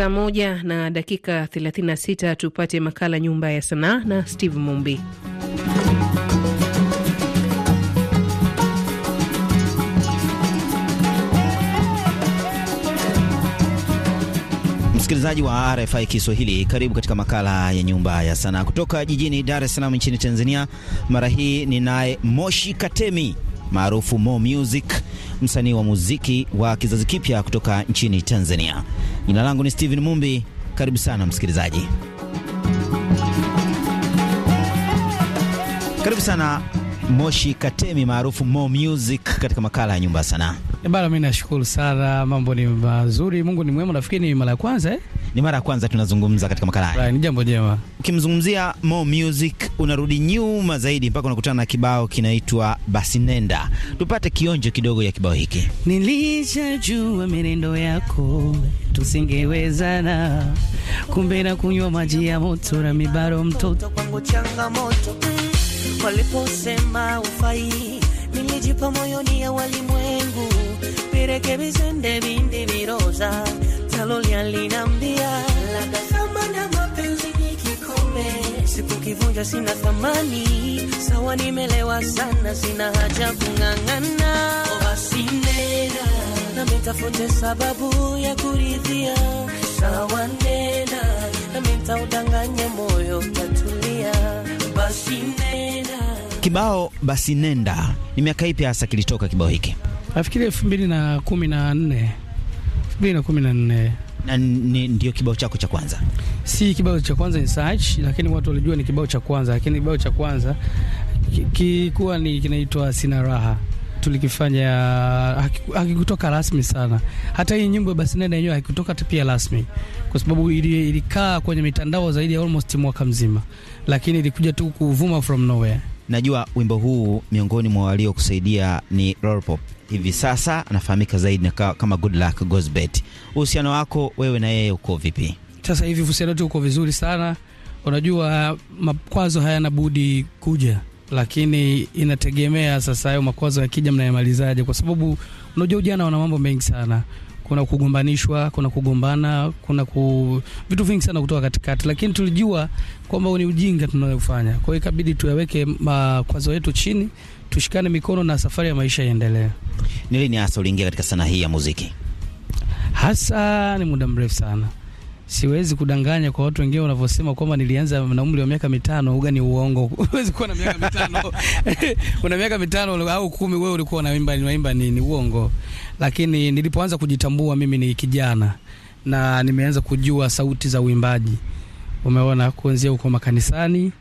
Saa moja na dakika 36 tupate makala Nyumba ya Sanaa na Steve Mumbi. Msikilizaji wa RFI Kiswahili, karibu katika makala ya nyumba ya sanaa kutoka jijini Dar es Salaam nchini Tanzania. Mara hii ninaye Moshi Katemi maarufu Mo Music, msanii wa muziki wa kizazi kipya kutoka nchini Tanzania. Jina langu ni Steven Mumbi. Karibu sana msikilizaji, karibu sana Moshi Katemi maarufu Mo Music katika makala ya nyumba ya sanaa. E bana, mimi nashukuru sana, mambo ni mazuri, Mungu ni mwema. Nafikiri ni mara ya kwanza eh? ni mara ya kwanza tunazungumza katika makala haya. Ni jambo jema. Ukimzungumzia Mo Music unarudi nyuma zaidi mpaka unakutana na kibao kinaitwa Basi Nenda. Tupate kionjo kidogo ya kibao hiki. Nilishajua menendo yako tusingewezana, kumbe na kunywa maji ya moto na mibaro mtoto kwangu changamoto. Waliposema ufai, nilijipa moyoni ya walimwengu virekebisende vindi viroza talolia linambia lakasamba na mapenzi ni kikombe sikukivunja sina thamani sawa nimelewa sana sina haja kung'ang'ana ovasinena namitafute sababu ya kuridhia sawa nena namitaudanganye moyo tatulia basi nena kibao basi nenda ni miaka ipi hasa kilitoka kibao hiki nafikiri elfu mbili na kumi na nne elfu mbili na kumi na nne na ndio kibao chako cha kwanza? Si kibao cha kwanza ni search, lakini watu walijua ni kibao cha kwanza, lakini kibao cha kwanza kikuwa ni kinaitwa Sina Raha tulikifanya hakikutoka rasmi sana. Hata hii nyimbo basi nenda yenyewe haikutoka pia rasmi, kwa sababu ilikaa ili kwenye mitandao zaidi ya almost mwaka mzima, lakini ilikuja tu kuvuma from nowhere. Najua wimbo huu miongoni mwa waliokusaidia ni Rollpop, hivi sasa anafahamika zaidi kama Good Luck Gozbert. Uhusiano wako wewe na yeye uko vipi sasa hivi? Uhusiano wetu uko vizuri sana. Unajua, makwazo hayana budi kuja, lakini inategemea sasa hayo makwazo yakija, mnayamalizaje? Kwa sababu unajua ujana wana mambo mengi sana kuna kugombanishwa, kuna kugombana, kuna ku... vitu vingi sana kutoka katikati, lakini tulijua kwamba ni ujinga tunayofanya. Kwa hiyo ikabidi tuyaweke makwazo yetu chini, tushikane mikono na safari ya maisha iendelee. Ni lini hasa uliingia katika sanaa hii ya muziki? Hasa ni muda mrefu sana, siwezi kudanganya kwa watu wengine wanavyosema kwamba nilianza na umri wa miaka mitano. Uga ni uongo, huwezi kuwa na miaka mitano una miaka mitano au kumi, wewe ulikuwa unaimba unaimba nini? Uongo lakini nilipoanza kujitambua mimi ni kijana na nimeanza kujua sauti za uimbaji, umeona, kuanzia huko makanisani,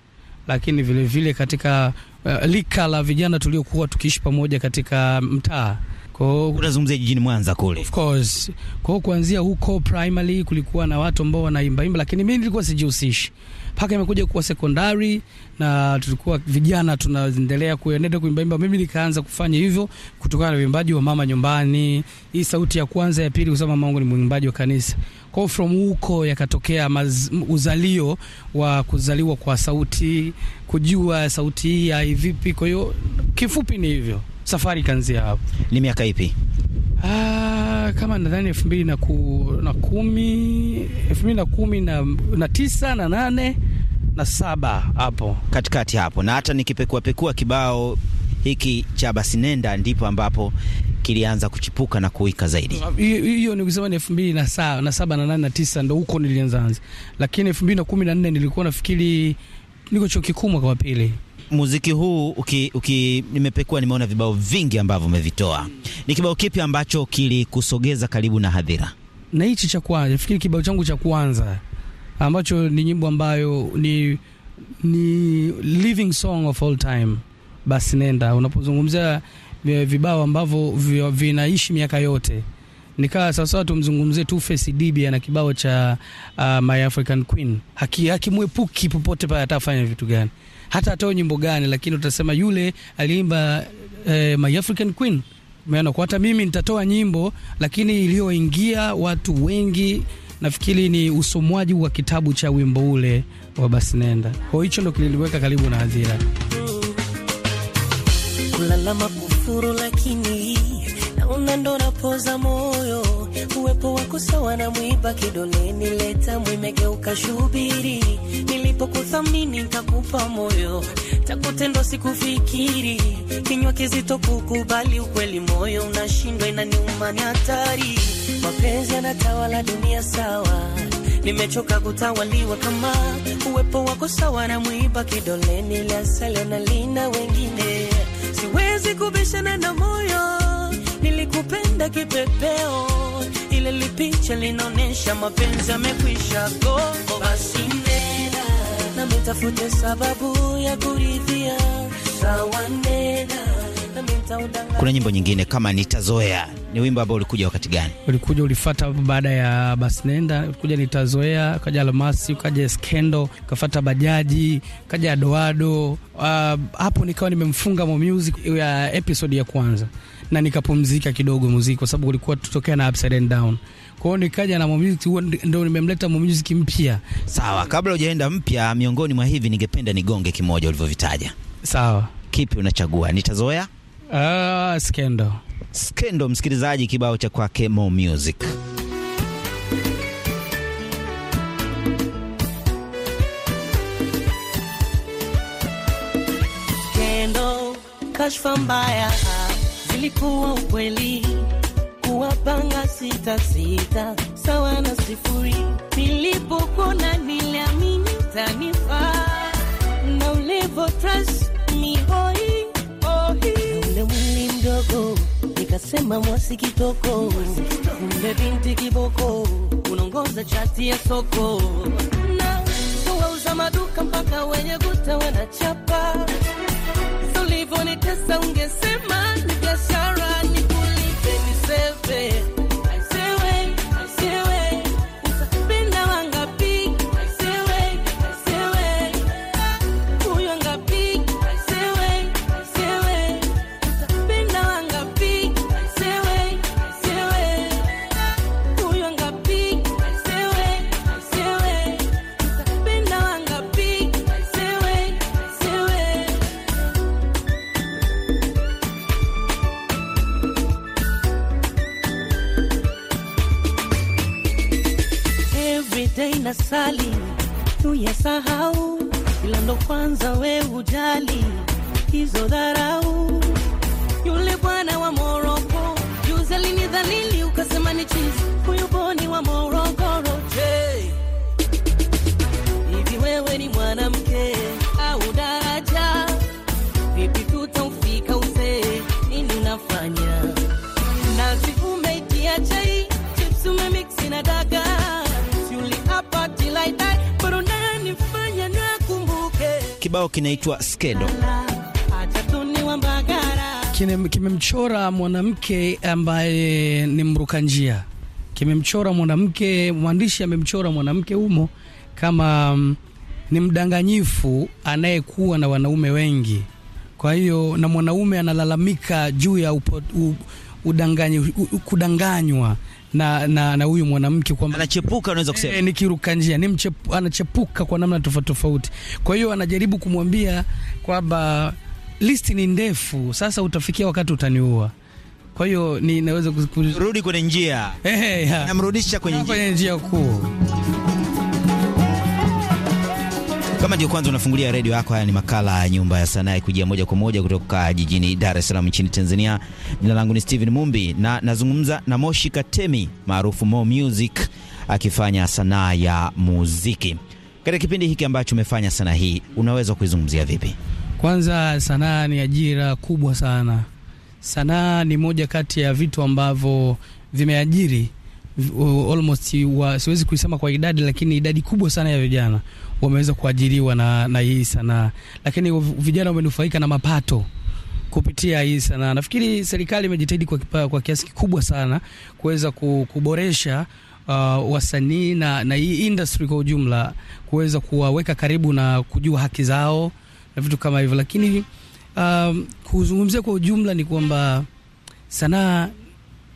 lakini vile vile katika uh, lika la vijana tuliokuwa tukiishi pamoja katika mtaa. Unazungumzia jijini Mwanza kule, of course. Kwa hiyo kuanzia huko primary kulikuwa na watu ambao wanaimbaimba, lakini mimi nilikuwa sijihusishi mpaka imekuja kuwa sekondari, na tulikuwa vijana tunaendelea kuendelea kuimbaimba. Mimi nikaanza kufanya hivyo kutokana na uimbaji wa mama nyumbani, hii sauti ya kwanza, ya pili, kusema mama ni mwimbaji wa kanisa. kwao. from huko yakatokea uzalio wa kuzaliwa kwa sauti, kujua sauti hii ya haivipi. Kwa hiyo kifupi ni hivyo, safari ikaanzia hapo. Ni miaka ipi? Ah, kama nadhani elfu mbili na, ku, na kumi elfu mbili na kumi na, na tisa na nane na saba hapo katikati hapo, na hata nikipekuapekua kibao hiki cha basi nenda, ndipo ambapo kilianza kuchipuka na kuwika zaidi. Ah, hiyo ni kusema ni elfu mbili na saba na saba na nane na tisa ndo huko nilianzaanza, lakini elfu mbili na kumi na nne nilikuwa nafikiri niko chuo kikuu mwaka wa pili. Muziki huu uki, uki, nimepekua nimeona vibao vingi ambavyo umevitoa. Ni kibao kipi ambacho kilikusogeza karibu na hadhira? Na hichi cha kwanza, nafikiri kibao changu cha kwanza ambacho ni nyimbo ambayo ni, ni living song of all time, basi nenda. Unapozungumzia vibao ambavyo vinaishi miaka yote nikaa sawasawa, tumzungumzie Two Face Diddy ana kibao cha uh, My African Queen. Haki hakimwepuki popote pale, atafanya vitu gani, hata atoe nyimbo gani, lakini utasema yule aliimba eh, My African Queen. Umeona, kwa hata mimi nitatoa nyimbo, lakini iliyoingia watu wengi nafikiri ni usomwaji wa kitabu cha wimbo ule wa basi nenda. Kwa hiyo hicho ndo kililiweka karibu na hadhira. lakini naona ndo napoza moyo. Uwepo wako sawa na mwiba kidoleni, leta mwimegeuka shubiri Nili Nisipokuthamini nitakupa moyo, takutendo sikufikiri, kinywa kizito kukubali ukweli, moyo unashindwa, inaniuma, ni hatari. Mapenzi yanatawala dunia, sawa, nimechoka kutawaliwa, kama uwepo wako sawa na mwiba kidoleni, la sala na lina wengine, siwezi kubishana na moyo, nilikupenda kipepeo, ile lipicha linaonyesha mapenzi yamekwisha, go basi na mtafute sababu ya kuridhia. Kuna nyimbo nyingine kama nitazoea, ni wimbo ambao ulikuja wakati gani? Ulikuja ulifata baada ya basnenda ulikuja nitazoea, ukaja Almasi, ukaja Skendo, ukafata Bajaji, ukaja doado Uh, hapo nikawa nimemfunga Mo Music ya episode ya kwanza na nikapumzika kidogo muziki, kwa sababu ulikuwa tutokea na Upside and Down kwao nikaja na muziki huo, ndio nimemleta muziki mpya. Sawa, kabla hujaenda mpya, miongoni mwa hivi ningependa nigonge kimoja ulivyovitaja. Sawa, kipi unachagua? Nitazoea uh, skendo skendo. Msikilizaji, kibao cha kwake Mo Music kashfa mbaya zilikuwa ukweli napanga sita sita sawa na sifuri. Nilipokona niliamini tanifa na ulevo trust me hoi hoi, ule mwili mdogo nikasema mwasi kitoko, ule binti kiboko unaongoza chati ya soko na wauza maduka mpaka wenye guta wanachapa, so ulivyonitesa ungesema ni biashara ni selfish. day na sali sahau, ila ndo kwanza we ujali hizo dharau. Yule bwana wa Moroko juzi alinidhalili, ukasema ni chizi, huyu boni wa Morogoro. Je, hivi wewe ni mwanamke? kibao kinaitwa Skedo kimemchora mwanamke ambaye ni mruka njia, kimemchora mwanamke, mwandishi amemchora mwanamke humo kama um, ni mdanganyifu anayekuwa na wanaume wengi. Kwa hiyo na mwanaume analalamika juu ya udanganyi, kudanganywa na na na huyu mwanamke kwamba anachepuka, unaweza kusema e, nikiruka njia ni mchepu, anachepuka kwa namna tofauti tofauti. Kwa hiyo anajaribu kumwambia kwamba listi ni ndefu, sasa utafikia wakati utaniua. Kwa hiyo ninaweza kurudi kwenye njia, eh, eh, namrudisha kwenye njia kuu. Kama ndio kwanza unafungulia redio yako, haya ni makala ya Nyumba ya Sanaa ikujia moja kwa moja kutoka jijini Dar es Salaam nchini Tanzania. Jina langu ni Steven Mumbi na nazungumza na Moshi Katemi maarufu Mo Music akifanya sanaa ya muziki. Katika kipindi hiki ambacho umefanya sanaa hii, unaweza kuizungumzia vipi? Kwanza, sanaa ni ajira kubwa sana. Sanaa ni moja kati ya vitu ambavyo vimeajiri almost wa, siwezi kusema kwa idadi, lakini idadi kubwa sana ya vijana wameweza kuajiriwa na, na hii sanaa, lakini vijana wamenufaika na mapato kupitia hii sanaa. Nafikiri serikali imejitahidi kwa, kwa kiasi kikubwa sana kuweza kuboresha Uh, wasanii na, na hii industry kwa ujumla kuweza kuwaweka karibu na kujua haki zao na vitu kama hivyo, lakini um, kuzungumzia kwa ujumla ni kwamba sanaa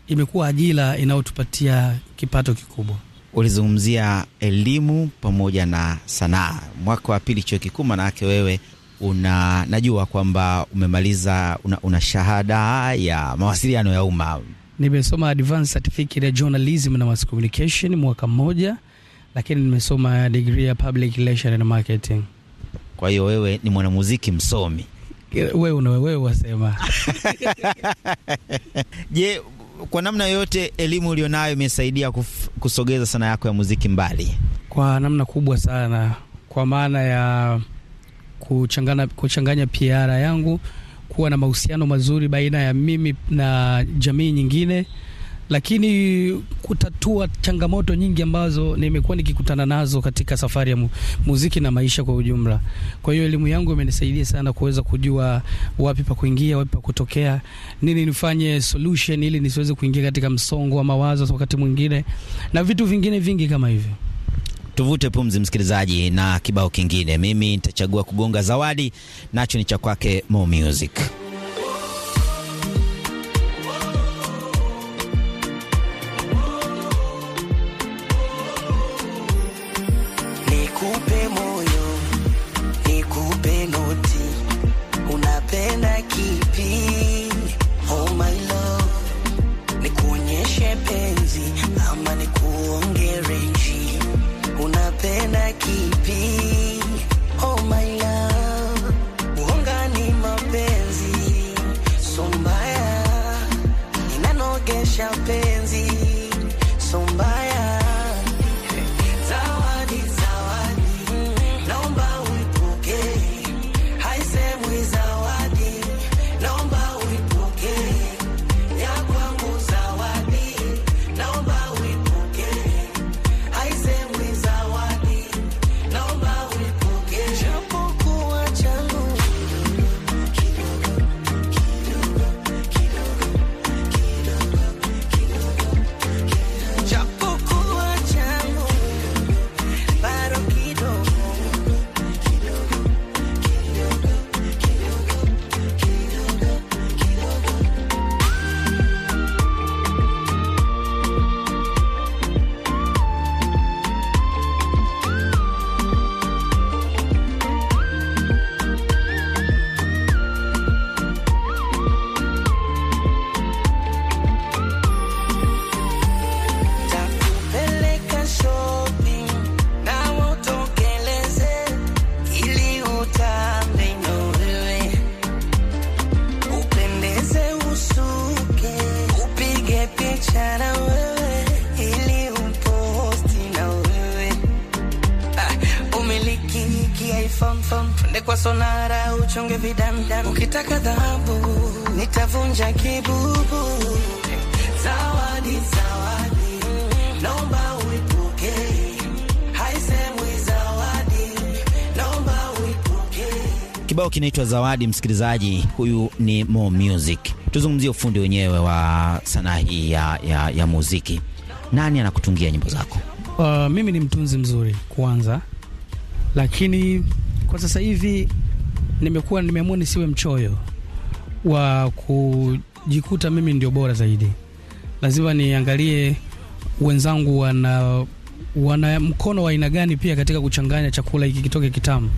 imekuwa ajira inayotupatia kipato kikubwa. Ulizungumzia elimu pamoja na sanaa, mwaka wa pili chuo kikuu, manake wewe una najua kwamba umemaliza una, una shahada ya mawasiliano ya umma. Nimesoma advanced certificate ya journalism na mass communication mwaka mmoja, lakini nimesoma degree ya public relations and marketing. Kwa hiyo wewe ni mwanamuziki msomi, wewe una wasema. Je, kwa namna yoyote elimu ulionayo imesaidia kusogeza sanaa yako ya muziki mbali? Kwa namna kubwa sana, kwa maana ya kuchangana, kuchanganya piara yangu, kuwa na mahusiano mazuri baina ya mimi na jamii nyingine lakini kutatua changamoto nyingi ambazo nimekuwa nikikutana nazo katika safari ya mu, muziki na maisha kwa ujumla. Kwa hiyo elimu yangu imenisaidia sana kuweza kujua wapi pa kuingia, wapi pa kutokea, nini nifanye solution ili nisiweze kuingia katika msongo wa mawazo wakati mwingine na vitu vingine vingi kama hivyo. Tuvute pumzi, msikilizaji, na kibao kingine. Mimi nitachagua kugonga zawadi, nacho ni cha kwake Mo Music. something I keep twende kwa sonara uchonge vidamdam, ukitaka dhahabu nitavunja kibubu. Zawadi, zawadi, naomba Kibao kinaitwa Zawadi. Msikilizaji, huyu ni Mo Music. Tuzungumzie ufundi wenyewe wa sanaa hii ya, ya, ya muziki. Nani anakutungia nyimbo zako? Uh, mimi ni mtunzi mzuri kwanza lakini kwa sasa hivi nimekuwa nimeamua nisiwe mchoyo wa kujikuta mimi ndio bora zaidi. Lazima niangalie wenzangu wana wana mkono wa aina gani pia katika kuchanganya chakula hiki kitoke kitamu.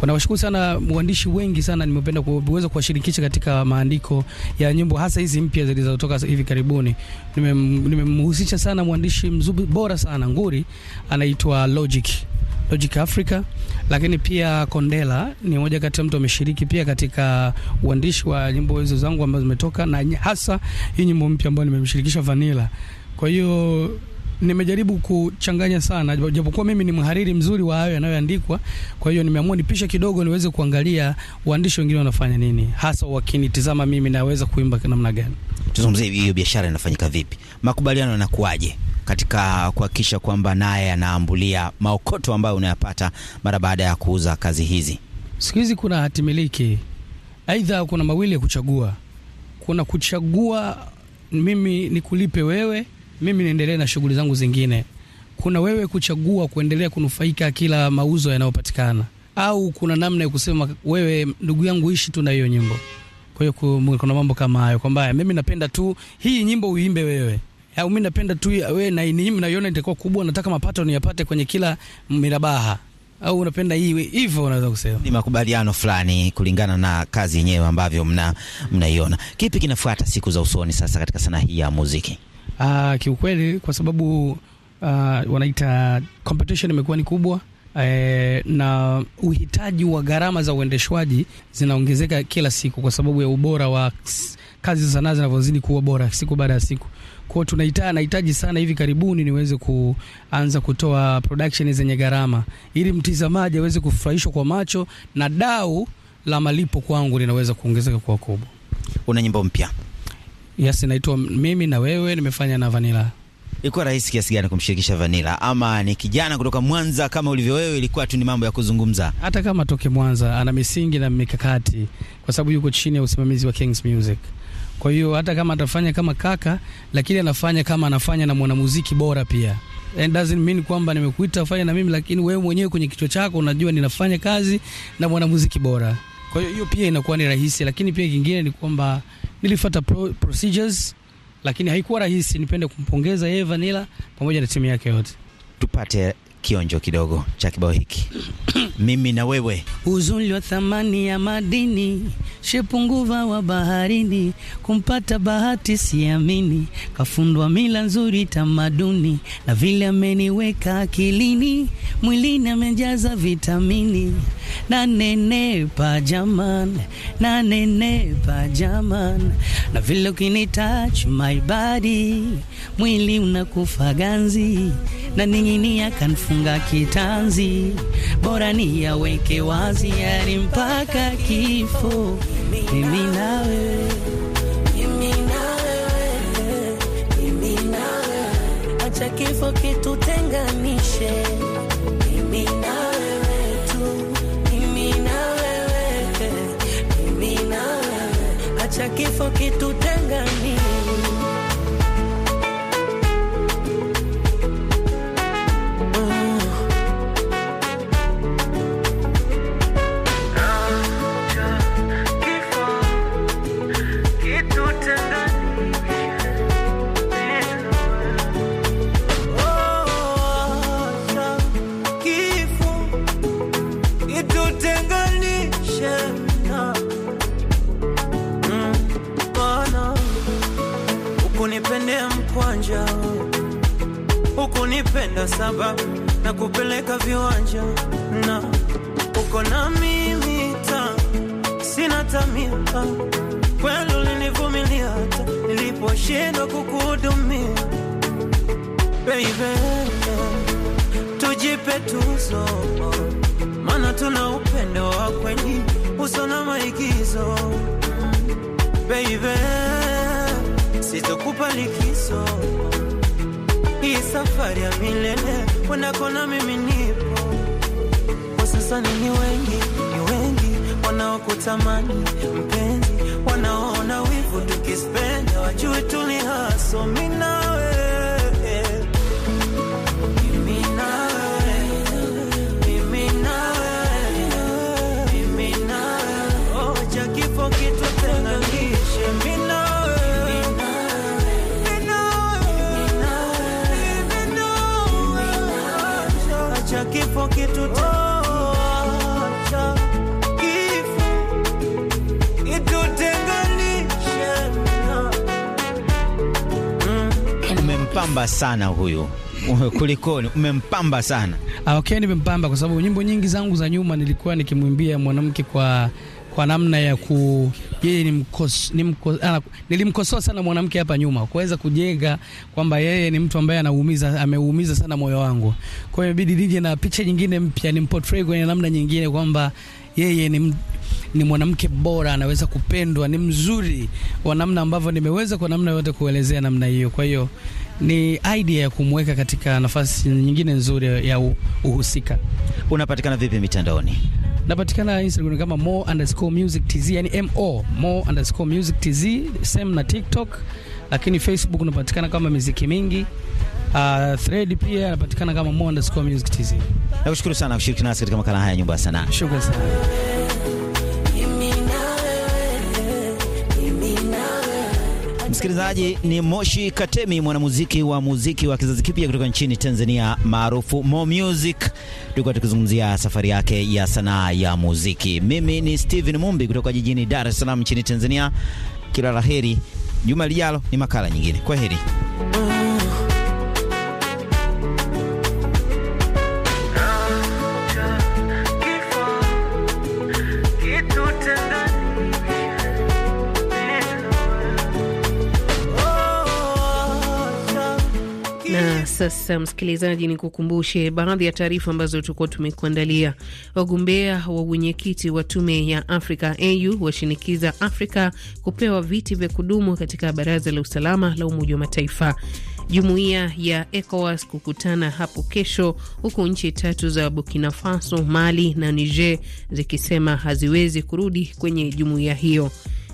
Wanawashukuru sana waandishi wengi sana, nimependa kuweza kuwashirikisha katika maandiko ya nyimbo hasa hizi mpya zilizotoka hivi karibuni. Nimemhusisha sana mwandishi mzuri bora sana nguri, anaitwa Logic Logic Africa, lakini pia Kondela ni moja kati ya mtu ameshiriki pia katika uandishi wa nyimbo hizo zangu ambazo zimetoka, na hasa hii nyimbo mpya ambayo nimemshirikisha Vanilla. Kwa hiyo nimejaribu kuchanganya sana, japokuwa mimi ni mhariri mzuri wa hayo yanayoandikwa. Kwa hiyo nimeamua nipishe kidogo, niweze kuangalia waandishi wengine wanafanya nini, hasa wakinitizama mimi naweza kuimba namna gani. Tuzungumzie hiyo biashara inafanyika vipi, makubaliano yanakuwaje katika kuhakikisha kwamba naye anaambulia maokoto ambayo unayapata mara baada ya kuuza kazi hizi. Siku hizi kuna hatimiliki, aidha kuna mawili ya kuchagua. Kuna kuchagua mimi nikulipe wewe mimi niendelee na shughuli zangu zingine. Kuna wewe kuchagua kuendelea kunufaika kila mauzo yanayopatikana, au kuna namna ya kusema wewe, ndugu yangu, ishi tu na hiyo nyimbo. Kwa hiyo kuna mambo kama hayo, kwamba mimi napenda tu hii nyimbo uimbe wewe au mimi napenda tu wewe na nyimbo naiona itakuwa kubwa, nataka mapato niyapate kwenye kila mirabaha au unapenda hii hivyo, unaweza kusema ni makubaliano fulani kulingana na kazi yenyewe ambavyo mnaiona. Mna kipi kinafuata siku za usoni sasa katika sanaa hii ya muziki? Uh, kiukweli kwa sababu uh, wanaita competition imekuwa ni kubwa E, na uhitaji wa gharama za uendeshwaji zinaongezeka kila siku kwa sababu ya ubora wa kazi za sanaa zinavyozidi kuwa bora siku baada ya siku. Kwa tunahitaji nahitaji sana hivi karibuni niweze kuanza kutoa production zenye gharama ili mtizamaji aweze kufurahishwa kwa macho na dau la malipo kwangu linaweza kuongezeka kwa kubwa. Una nyimbo mpya? Yes, naitwa mimi na wewe, nimefanya na Vanilla. Ilikuwa rahisi kiasi gani kumshirikisha Vanilla, ama ni kijana kutoka Mwanza kama ulivyo wewe? Ilikuwa tu ni mambo ya kuzungumza, hata kama toke Mwanza ana misingi na mikakati, kwa sababu yuko chini ya usimamizi wa Kings Music. Kwa hiyo hata kama atafanya kama kaka, lakini anafanya kama anafanya na mwanamuziki bora pia. And doesn't mean kwamba nimekuita fanya na mimi, lakini wewe mwenyewe kwenye kichwa chako unajua ninafanya kazi na mwanamuziki bora. Kwa hiyo hiyo pia inakuwa ni rahisi, lakini pia kingine ni kwamba nilifuata pro, procedures lakini haikuwa rahisi. Nipende kumpongeza yeye Vanilla pamoja na timu yake yote. Tupate kionjo kidogo cha kibao hiki mimi na wewe. Uzuri wa thamani ya madini, shepunguva wa baharini, kumpata bahati siamini, kafundwa mila nzuri tamaduni, na vile ameniweka akilini, mwilini amejaza vitamini nanenepa jamani, pa jaman na vile touch my body mwili unakufa ganzi, na ningini kanfunga kitanzi, bora ni yaweke wazi yani mpaka kifo mimi nawe kifo kitutenganishe kifo kitutengani unanipenda sababu na kupeleka viwanja na uko na mimi ta sina tamia kweli, ulinivumilia hata niliposhindwa kukuhudumia. Baby, tujipe tuzo, maana tuna upendo wa kweli uso na maigizo. Baby, sitokupa likizo hii safari ya milele wenakona, mimi nipo. sasa. ni wengi, ni wengi wanaokutamani mpenzi, wanaona wivu tukispenda, wajue tuli haso minawe umempamba sana huyu kulikoni, umempamba sana ah, okay. Nimempamba kwa sababu nyimbo nyingi zangu za nyuma nilikuwa nikimwimbia mwanamke kwa kwa namna ya ku yeye ni mkos, ni mkos, ana, nilimkosoa sana mwanamke hapa nyuma kuweza kujenga kwamba yeye ni mtu ambaye anaumiza, ameumiza sana moyo wangu. Kwa hiyo ibidi nije na picha nyingine mpya, nimportray kwenye namna nyingine kwamba yeye ni, ni mwanamke bora, anaweza kupendwa, ni mzuri wa namna ambavyo nimeweza kwa namna yote kuelezea namna hiyo, kwa hiyo ni idea ya kumweka katika nafasi nyingine nzuri ya uhusika. Unapatikana vipi mitandaoni? Napatikana Instagram kama mo underscore music tz, yani mo mo underscore music tz, same na TikTok, lakini Facebook unapatikana kama miziki mingi. Uh, thread pia anapatikana kama mo underscore music tz. Nakushukuru sana kushiriki nasi katika makala haya nyumba ya sanaa. Shukrani sana. Msikilizaji ni Moshi Katemi, mwanamuziki wa muziki wa kizazi kipya kutoka nchini Tanzania maarufu Mo Music. Tulikuwa tukizungumzia safari yake ya sanaa ya muziki. Mimi ni Steven Mumbi kutoka jijini Dar es Salaam nchini Tanzania. Kila la heri, juma lijalo ni makala nyingine. Kwa heri. Sasa msikilizaji, ni kukumbushe baadhi ya taarifa ambazo tulikuwa tumekuandalia. Wagombea wa wenyekiti wa tume ya Afrika AU washinikiza Afrika kupewa viti vya kudumu katika baraza la usalama la Umoja wa Mataifa. Jumuiya ya ECOWAS kukutana hapo kesho, huku nchi tatu za Burkina Faso, Mali na Niger zikisema haziwezi kurudi kwenye jumuiya hiyo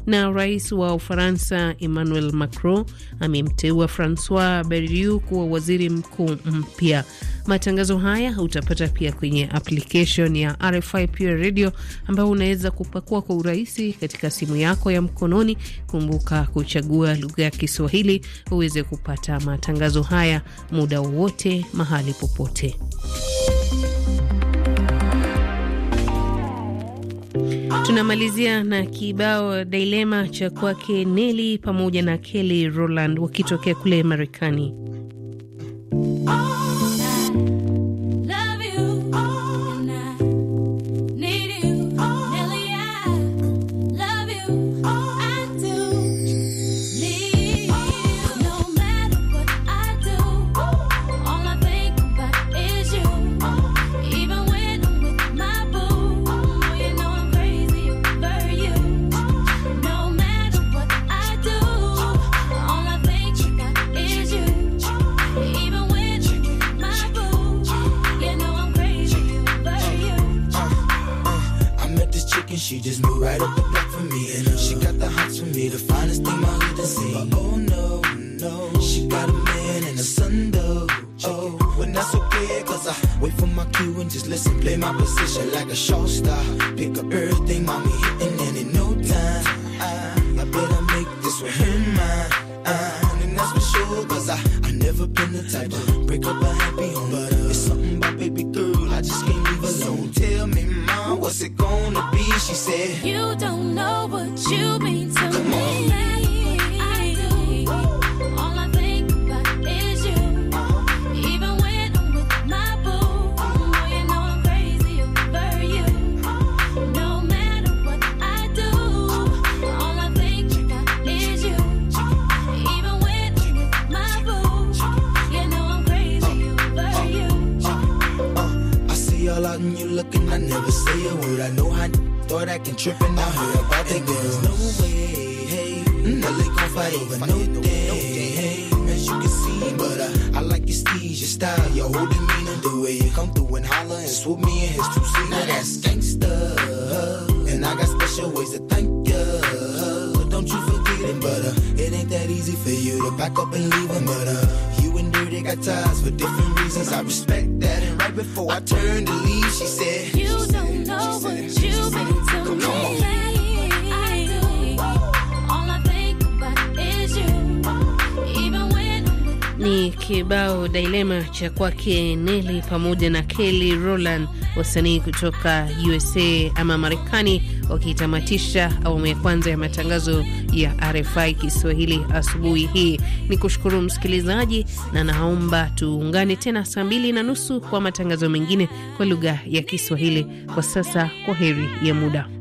na rais wa Ufaransa Emmanuel Macron amemteua Francois Bayrou kuwa waziri mkuu mpya. Matangazo haya utapata pia kwenye application ya RFI Pure Radio ambayo unaweza kupakua kwa urahisi katika simu yako ya mkononi. Kumbuka kuchagua lugha ya Kiswahili uweze kupata matangazo haya muda wowote, mahali popote. Tunamalizia na kibao Dilema cha kwake neli pamoja na Kelly Rowland wakitokea kule Marekani. and she just moved right up the block for me. And she got the hots for me, the finest thing my hood has seen. oh no, no, she got a man and a son though. Oh, when that's okay, cause I wait for my cue and just listen. Play my position like a show star. Pick up everything, mommy, hitting, and in no time, I, I better make this with him mine. And that's for sure, cause I, I never been the type to break up a happy what's it gonna be? She said, You don't know what you mean to Come me. On. She said, You don't know what you've been to me. kibao Dilema cha kwake neli pamoja na Kelly roland wasanii kutoka USA ama Marekani, wakitamatisha awamu ya kwanza ya matangazo ya RFI Kiswahili asubuhi hii. Ni kushukuru msikilizaji, na naomba tuungane tena saa mbili na nusu kwa matangazo mengine kwa lugha ya Kiswahili. Kwa sasa, kwa heri ya muda.